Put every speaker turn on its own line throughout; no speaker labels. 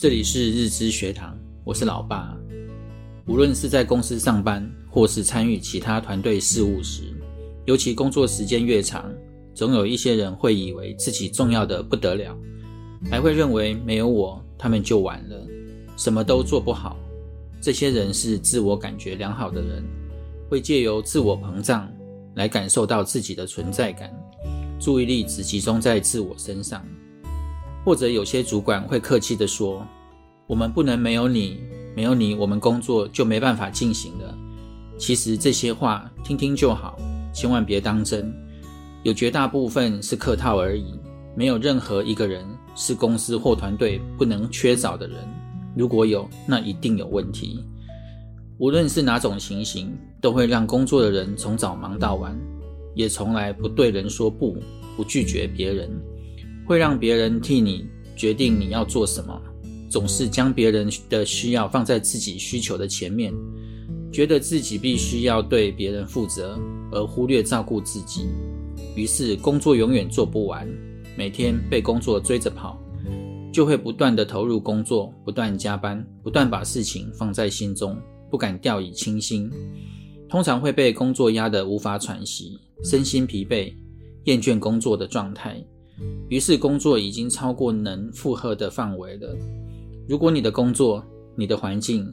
這裡是日之學堂，我是老爸。無論是在公司上班，或是參與其他團隊事務時，尤其工作時間越長，總有一些人會以為自己重要的不得了，還會認為沒有我，他們就完了，什麼都做不好。這些人是自我感覺良好的人，會借由自我膨脹來感受到自己的存在感，注意力只集中在自我身上。或者有些主管會客氣地說：“我們不能沒有你，沒有你，我們工作就沒辦法進行了。”其實這些話聽聽就好，千萬別當真。有絕大部分是客套而已，沒有任何一個人是公司或團隊不能缺少的人。如果有，那一定有問題。無論是哪種情形，都會讓工作的人從早忙到晚，也從來不對人說不，不拒絕別人。會讓別人替你決定你要做什麼，總是將別人的需要放在自己需求的前面，覺得自己必須要對別人負責，而忽略照顧自己。於是工作永遠做不完，每天被工作追着跑，就會不斷地投入工作，不斷加班，不斷把事情放在心中，不敢掉以輕心。通常會被工作壓得無法喘息，身心疲憊，厭倦工作的狀態。於是工作已經超過能負荷的範圍了。如果你的工作、你的環境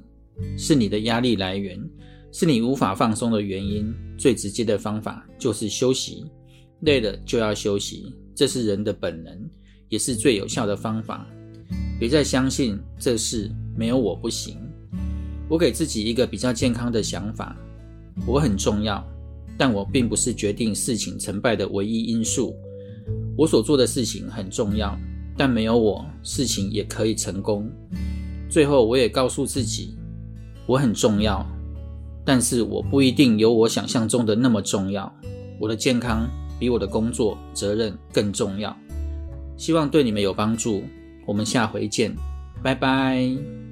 是你的壓力來源，是你無法放鬆的原因，最直接的方法就是休息。累了就要休息，這是人的本能，也是最有效的方法。別再相信這事沒有我不行。我給自己一個比較健康的想法：我很重要，但我並不是決定事情成敗的唯一因素。我所做的事情很重要，但沒有我，事情也可以成功。最後，我也告訴自己，我很重要，但是我不一定有我想象中的那麼重要。我的健康比我的工作、責任更重要。希望對你們有幫助，我們下回見，拜拜。